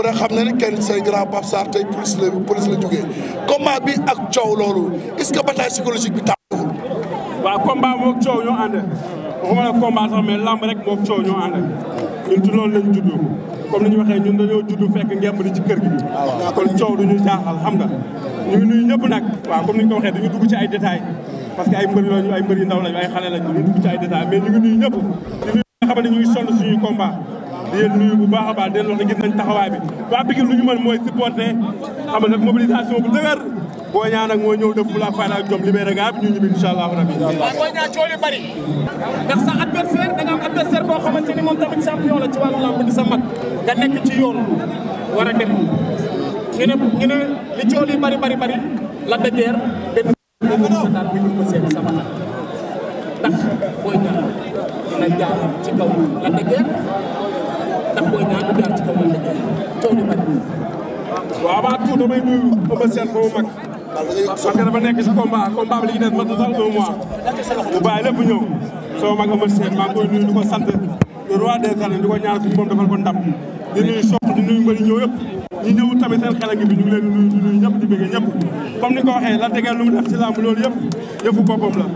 ku ne xam na ne kenn say grand Pape Sarr tey police la police la jógee bi ak coow loolu est-ce que bataille psychologique bi tàmbaliwul. waaw combat moog coow ñoo ànd waxuma la combat sax mais lamb rek moog coow ñoo ànd ñun ci loolu lañ judd comme ni ñu waxee ñun dañoo judd fekk ci kër gi. Ah. kon coow du ñu jaaxal xam nga. ñu ngi nuyu ñëpp nag ni ñu dugg ci ay détails parce que ay mbër lañu ay mbër yu ndaw lañu ay xale lañu ñu dugg ci ay détails mais ñu ngi nuyu ñëpp ñu ngi xam ne ñu ngi sonn suñuy di leen nuyu bu baax a baax di leen wax ne gis nañ taxawaay bi waa Pikine lu ñu mooy supporter xam nag mobilisation bu dëgër boo ñaa nag moo ñëw def fu la fayda ak jom libéré gaa bi ñu ñibbi incha allahu rabi. waaw boo ñaa coow li bari. ndax sa da nga am adversaire boo xamante ni moom tamit champion la ci wàllu lamb di sa mag nga nekk ci a dem ñu ne ñu ne li coow li bari bari bari la dajeer benn daal bi ñu ko seen sama ndax booy la dajeer. waaw avant tout damay nuyu Eumeu Sène boobu mag. parce que dafa nekk si combat combat bi li ci des matul sax un mois. bu bàyyi lépp ñëw sama mag Eumeu Sène maa ngi koy ñëw yëpp. ñi ñëw tamit seen xel a ngi bi ñu ñëpp di bëgg ñëpp comme ni ko la dégg lu mu def ci làmb loolu yëpp yëfu boppam la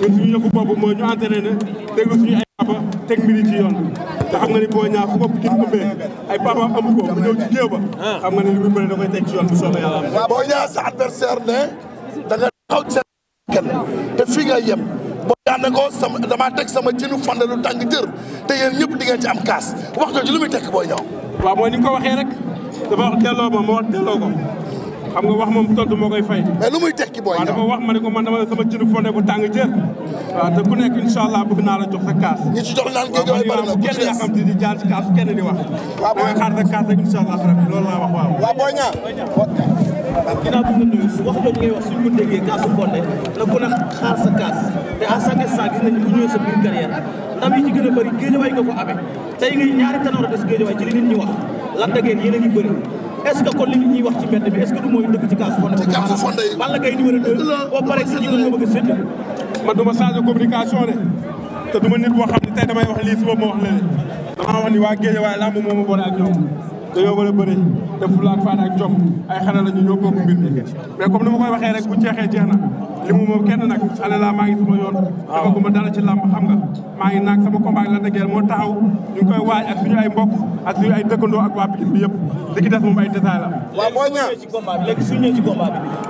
ñun suñu yëfu bopp mooy ñu entraîné déglu suñu ay papa teg mbiri yoon te xam nga ni boo ñaa fu ko nit ko bee ay papaam amu ko bu ñëw ci géew ba ah. xam yoon bu soobee boo ñaa sa adversaire ne da nga taxaw te fii nga yem boo ñaa ne ko sama damaa teg sama jënu fande lu tàng jër te yéen ñëpp di ngeen ci am kaas wax jooju lu muy tekk booy ñëw waaw mooy ni ko waxee rek dafa wax delloo ma ma wax ko xam nga wax moom tontu moo koy fay. mais lu muy tekki booy. waaw dama wax ma ne ko man dama sama cin fonde bu tàng jër. te ku nekk incha allah naa la jox sa kaas. ñi ci jox naan géej bari na kenn yaa xam te di jaar ci kaas kenn di wax. waaw booy xaar sa kaas rek incha allah rabbi loolu sa kaas te à chaque sa biir carrière ndam yi ci gën a bëri géejawaay nga ko amee tey ngay ñaari tanoor des géejawaay ci li nit ñi wax lan da ngeen yéen a ngi est-ce que kon li ñuy wax ci mbedd bi est-ce que du mooy dëkk ci kaasu fonde. ci kaasu fonde yi Balla Gaye numéro 2. a man du ma communication de te du nit boo xam ne tey damay wax lii suba ma wax leneen damaa wax ni waa Guédiawaye làmb moo ma boole ak dañoo war a bëri def fulla ak faayda ay xale ñu ñoo bokk mbir mi mais comme ni ma koy waxee rek bu jeexee jeex na li mu moom kenn nag xale maa ngi sama yoon defaguma dara ci làmb xam nga maa ngi naag sama combat la dëgër moo taxaw ñu ngi koy ci la waaw boo ñëwee ci combat bi léegi suñu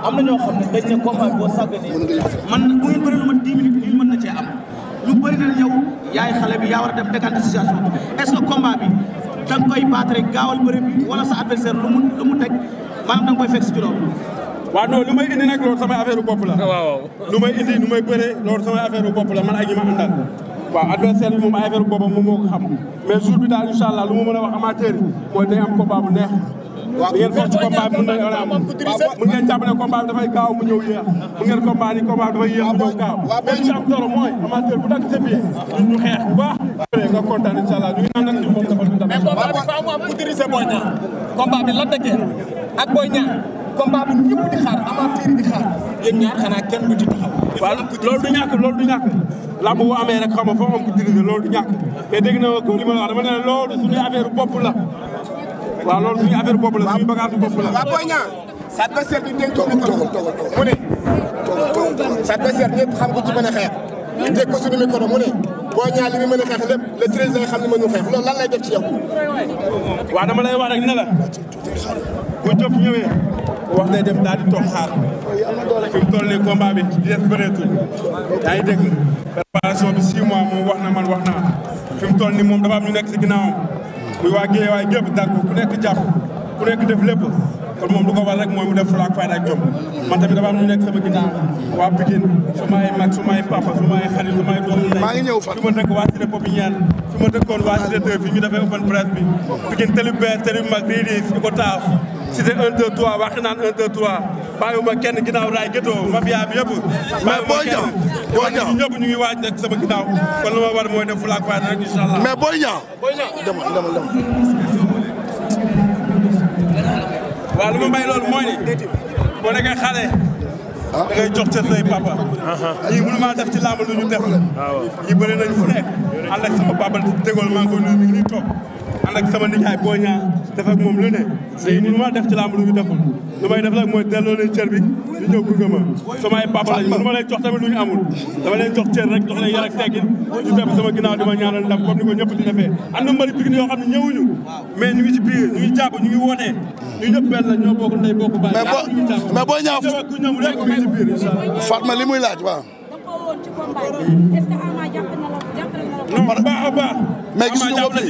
am na ñoo xam ne dañ ne combat bi boo sàgganee lu ma dix minutes lii mën na cee am ñu yaay xale bi yaa war a dem décanté situation est-ce que combat bi da nga koy baat rek gaawal bëri bi wala sa adversaire lu mu lu mu teg maanaam da nga koy fekk si juróom. waaw non lu may indi nag loolu samay affaire bopp la. la man ak ñi ma àndal. waaw adversaire bi moom ay affaire boppam moom moo ko xam mais jour bi daal incha allah lu ma mën a wax mooy day am combat bu neex. waaw bu ngeen fekk ci dafay gaaw mu ñëw yéex mën ngeen combat ni combat bi dafay mu ñëw gaaw mais li am solo mooy amateur bu dakk sa biir ñu xeex bu baax. pour diriger Boy Niang combat bi Lac de Guiers ak Boy Niang combat bi ñëpp di xaar amateur di xaar yéen ñaar xanaa kenn du ci taxaw. waaw loolu du ñàkk loolu du ñàkk làmb amee rek xam nga foo am ko diriger loolu du ñàkk mais dégg na ko li ma la wax dama ne suñu affaire bopp la waaw loolu suñu affaire bopp la suñu bagage bopp la. waaw Boy Niang sa adversaire bi ñu dénk ko. toogal mu ne. toogal toogal sa xam ko ci mën a teg ko suñu micro mu ne boo ñaar li mu mën a xeex lépp le treize lay xam ne mënul xeex loolu lan lay def ci yow. waaw dama lay wax rek ne la bu jëf ñëwee wax day def daal di toog xaar fi toll nii combat bi di def bëreetul yaa ngi dégg. préparation bi six mois wax na man wax naa fi toll nii moom dafa ñu nekk si ginnaawam muy waa Guèye waaye gépp dàgg ku nekk jàpp ku nekk def lépp. kon moom lu ko war rek mooy mu def fulaak fayda ak jom man tamit dafa am ñu nekk sama ginnaaw waa Pikine su ma mag su ma ay papa su ma ay xarit su ma ay doomu ndey maa waa Cité Popinière fi ma dëkkoon waa Cité 2 fi ñu defee open press bi mag riiriis di ko taaf Cité 1 2 3 waxi naan 1 2 kenn ginnaaw raay gëtoo mafia bi yëpp bàyyiwuma kenn boo ñu ngi waaj nekk sama ginnaaw kon lu ma war mooy def fulaak fayda rek incha waaw lu ma may loolu mooy ni boo nekkee xale ah. da jox cër say papa ñii uh-huh. mënu maa def ci làmb lu ñu def la ah, ñii bëri nañ fu nekk ànd ak sama papa dégool maa ngi koy nuyu mi ngi nii toog sama nijaay boo ñaa def ak moom lu ne léegi mënu maa def ci làmb lu ñu deful lu may def nag mooy delloo leen cër bi ñu ñëw gunge ma sama ay papa lu ñu amul dama leen jox cër rek jox leen yar ak teggin ñu bépp sama ginnaaw di ma ñaanal ndam comme ñëpp di defee am na mbëri Pikine yoo xam ne ñëwuñu ñu ngi ci biir ñu ngi jàpp ñu ngi ñu ñëpp benn la ñoo bokk ndey bokk baay mais boo ñaaw Fatma li muy laaj waaw. mais gisuñu ko fi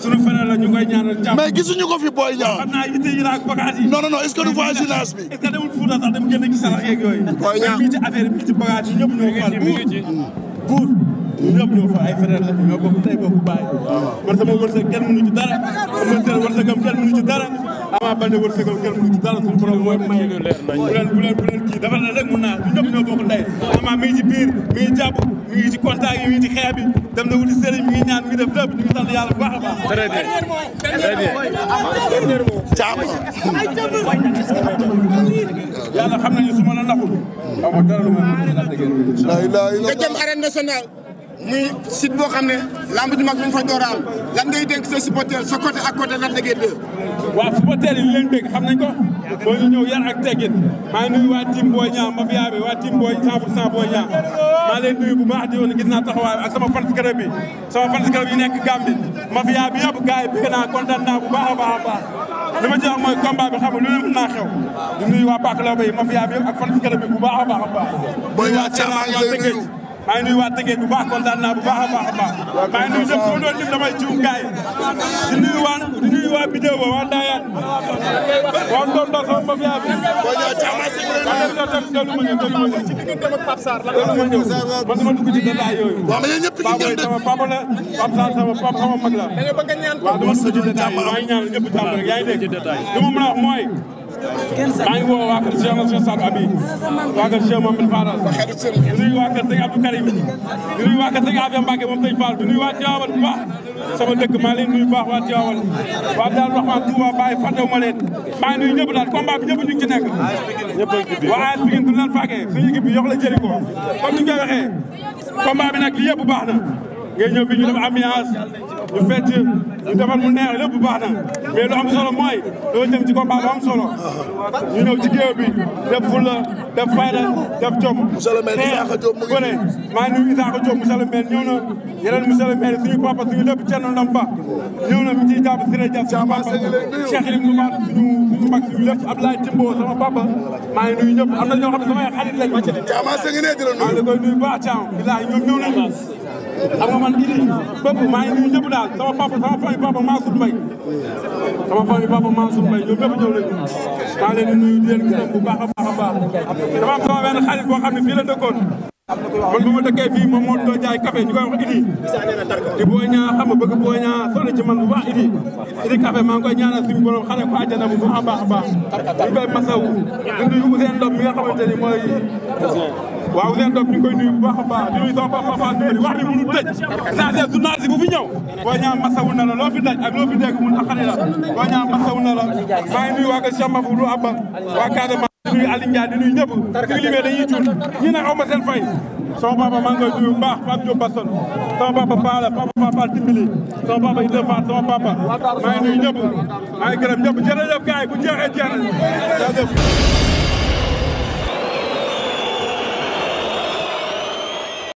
sunu frère la ñu koy ñaanal jàpp mais gisuñu ko fi booy ñaaw. xam naa it yi ak bagages yi. non non non est-ce que du voisinage bi. est-ce que demul Fuuta sax dem génn ci sarax yeeg yooyu. booy ñaaw ci affaire bi ci bagages yi ñëpp ñoo far buur ñëpp ñoo fa ay frère la ñoo bokk tey bokk baay. man ah. sama wërsëg kenn mënu ci dara. sama wërsëg am kenn mënu ci dara. Ama Baldé wërsëgal kër bu dara suñu borom mooy maye bu leen bu leen bu leen kii dafa na rek mun naa ñun ñëpp ñoo bokk ndey Ama mi ngi ci biir mi ngi jàpp mi ngi ci contact yi mi ngi ci xeex bi dem na wuti sëriñ mi ngi ñaan mi ngi def lépp ñu ngi sant yàlla bu baax a baax très bien très bien caam yàlla xam nañu su ma la naxul amoo dara lu ma la dégg nga jëm arène nationale muy site boo xam ne lamb ju mag bi ñu fa dooraal lan ngay dénk sa supporter sa côté ak côté Lac de Guiers 2. waaw supporter yi li leen xam nañ ko boo ñu ñëw yar ak teggin maa ngi nuyu waa team Boy Niang mafia bi waa team Boy 100 pour 100 Boy Niang maa leen nuyu bu baax di gis naa taxawaay ak sama fans sama fans club nekk Gambie mafia bi yëpp gars yi bëgg naa kontaan naa bu baax a baax a baax ma ci wax xam nga lu ne mën naa waa bu baax a baax maa ngi nuyu waa Tëngéej bu baax kontaan naa bu baax a baax a baax maa ngi nuyu ñëpp ku doon lim damay jiw gaay di nuyu waa di nuyu waa bidéo ba waa Ndayane waa Ndomdo sama bopp yaa bi ma tam delu ma ñëw ci diggante ak Pape Sarr la ma ñëw man dama dugg ci détail yooyu waaw mais ñëpp ci ngeen sama papa la Pape Sarr sama papa sama mag la da nga bëgg ñaan waaw dama dugg ci détail maa ngi ñaan ñëpp jàmm rek yaa ngi dégg li ma mën a wax mooy maa ngi woo waa kër Cheikh Mansour Sarr Abi waa kër Cheikh Mamadou Fadal di nuyu waa kër sëñ Abdou Karim di nuyu waa kër sëñ Afia Mbacke moom sëñ Fall di nuyu waa Tivaouane bu baax sama dëkk maa leen nuyu baax waa Tivaouane waa daal wax waa Touba Baye fàttewuma leen maa ngi nuyu ñëpp daal combat bi ñëpp ñu ci nekk waa AS Pikine du bi yokk la jëriñ ko comme ni ñu koy waxee bi nag lii yëpp na ngay ñëw fii ñu def ambiance ñu fecc ñu defar mu neex lépp baax na mais lu am solo mooy doo jëm ci combat bu am solo ñu ñëw ci géew bi def fulla def fayda def jom kone maa ngi nuyu Isaaka Diop monsieur le maire ñëw na yeneen monsieur le maire suñu papa suñu lépp Thierno Ndamba ñëw na mi ciy jàpp Siré Dia suñu papa Cheikh Ilim Louma suñu suñu mag suñu lépp Abdoulaye Timbo sama papa maa ngi nuyu ñëpp am na ñoo xam ne samay xarit lañ maa ngi koy nuyu baax Thiam bilaay ñoom ñëw nañu xam nga man Idy bépp maa ngi nuyu ñëpp daal sama papa sama famille papa Mansour Mbaye sama famille papa Mansour Mbaye ñoom ñëpp ñëw nañu maa leen di nuyu di leen bu baax a baax a baax sama benn xarit boo xam ne fii la dëkkoon man bu ma fii moom moo doon jaay ñu koy wax Idy di ñaa xam nga bëgg boo ñaa sonn ci man bu baax Idy Idy maa ngi koy ñaanal suñu borom xale ko àjjana bu baax a baax a baax ñu koy masawu di mi nga xamante ni mooy waaw Ousseyn Top ñu ngi koy nuyu bu baax a baax di nuyu sama papa Fass Mbary wax ni mënul tëj fi ñëw boo ñaa masawu na la loo fi daj ak loo fi dégg mun axane la ñaa masawu na la maa nuyu waa ga Cheikh Mafou lu waa Casamance di nuyu Aliou nuyu ñëpp suñu limee dañuy ñi nag awma seen fay sama papa maa ngi koy nuyu bu baax Pape Diop Basson sama Paa la papa Paa Paa dimbali sama papa Idda Fall sama papa maa ngi nuyu ñëpp maa ngi gërëm ñëpp jërëjëf bu jeexee jeexee